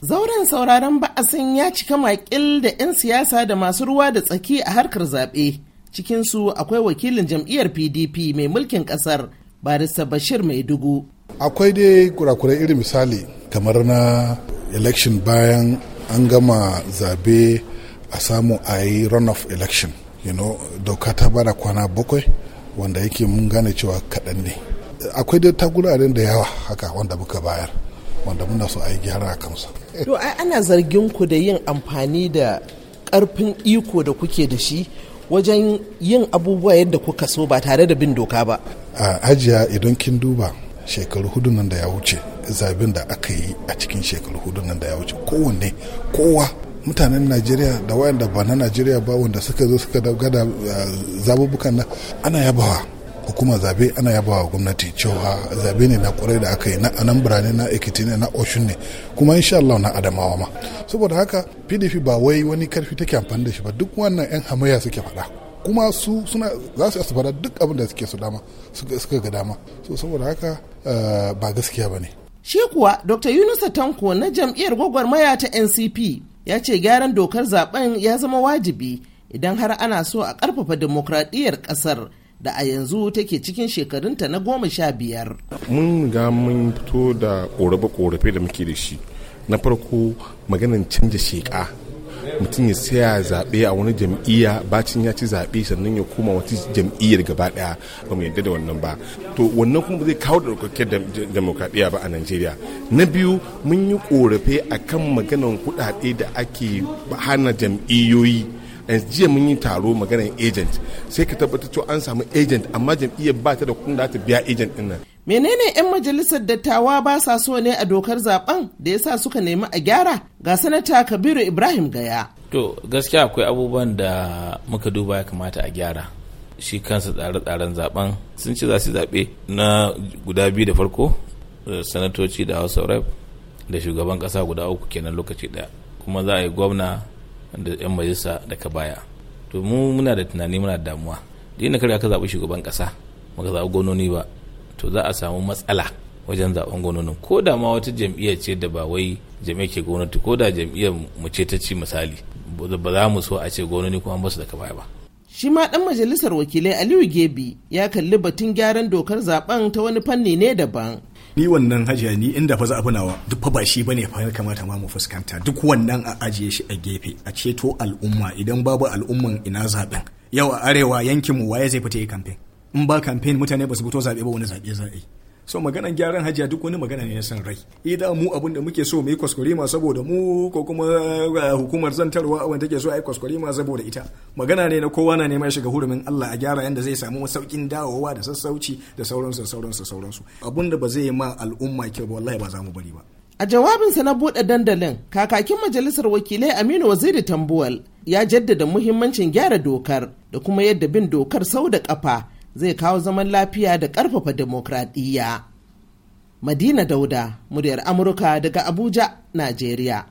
Zauren sauraron ba'asin ya cika makil da 'yan siyasa da masu ruwa da tsaki a harkar zaɓe. Cikinsu akwai wakilin jam'iyyar PDP mai mulkin ƙasar Barista Bashir Maidugu. Akwai dai kurakurai irin misali kamar na election bayan an gama zaɓe a samu a yi runoff election. You know, doka ta bada kwana bakwai wanda yake mun gane cewa kaɗan ne. Akwai dai da yawa haka wanda muka bayar wanda muna so a yi gyara a kansa. ai ana zargin ku da yin amfani da karfin iko da kuke da shi wajen yin abubuwa yadda kuka so ba tare da bin doka ba. A ajiya idan kin duba shekaru hudu nan da ya wuce zaɓin da aka yi a cikin shekaru hudu nan da ya wuce kowanne kowa mutanen najeriya da wayanda ba na najeriya ba wanda suka zo suka gada eh, zabubukan nan ana yabawa hukumar zabe ana yaba wa gwamnati cewa zabe ne na kwarai da aka yi na anan birane na ekiti ne na oshun ne kuma insha Allah na adamawa ma saboda haka pdp ba wai wani karfi take amfani da shi ba duk wannan yan hamayya suke faɗa kuma su suna za su asibara duk abin da suke su dama suka ga dama so saboda haka eh, ba gaskiya ba ne shi kuwa dr yunus tanko na jam'iyyar gwagwarmaya ta ncp ya ce gyaran dokar zaben ya zama wajibi idan har ana so a karfafa demokradiyyar kasar. da a yanzu take cikin shekarunta na goma sha biyar. Mun ga mun fito da ƙorafe-ƙorafe da muke da shi. Na farko maganin canja sheƙa. Mutum ya saya zaɓe a wani jam'iyya bacin ya ci zaɓe sannan ya koma wata jam'iyyar gaba ɗaya ba mu yadda da wannan ba. To wannan kuma zai kawo da ɗaukakkiyar demokradiyya ba a Najeriya. Na biyu mun yi ƙorafe akan maganan kuɗaɗe da ake hana jam'iyyoyi jiya mun yi taro maganar agent sai ka tabbatar cewa an samu agent amma jam'iyyar ba ta da kunda ta biya agent din nan menene 'yan majalisar dattawa ba sa so ne a dokar zaben da ya sa suka nemi a gyara ga sanata kabiru ibrahim gaya to gaskiya akwai abubuwan da muka duba ya kamata a gyara shi kansa tsare-tsaren zaben sun ci za su zaɓe na guda biyu da farko sanatoci da house of rep da shugaban ƙasa guda uku kenan lokaci ɗaya kuma za a yi gwamna da 'yan majalisa daga baya to mu muna da tunani muna da damuwa da yin karya ka zaɓi shugaban ƙasa muka zaɓi gononi ba to za a samu matsala wajen zaɓen gononin ko da ma wata jam'iyya ce da ba wai jam'iyya ke gwamnati ko da jam'iyyar mu ce ta ci misali ba za mu so a ce gononi kuma an basu daga baya ba shi ma ɗan majalisar wakilai aliyu gebi ya kalli batun gyaran dokar zaben ta wani fanni ne daban ni wannan hajiya ni inda fa za a funawa duk fa ba shi bane fa ya kamata ma mu fuskanta duk wannan a ajiye shi a gefe a ceto al'umma idan babu al'umman ina zaben yau a arewa yankinmu waye zai fita yi kamfen in ba kamfen mutane ba su fito zaɓe ba wani zaɓe za a yi so maganan gyaran hajiya duk wani magana ne san rai idan eh, mu abin da muke so mu yi kwaskwari ma saboda mu ko kuma eh, hukumar zantarwa abin take so a yi kwaskwari ma saboda ita magana ne na kowa na neman shiga hurumin Allah a gyara yanda zai samu saukin dawowa da sassauci da sauransu da sauransu da sauransu abin da ba zai ma al'umma kyau ba wallahi ba za mu bari ba a jawabinsa na buɗe dandalin kakakin majalisar wakilai aminu waziri tambuwal ya jaddada muhimmancin gyara dokar da kuma yadda bin dokar sau da kafa zai kawo zaman lafiya da ƙarfafa demokradiyya. Madina Dauda, muryar Amurka daga Abuja, Najeriya.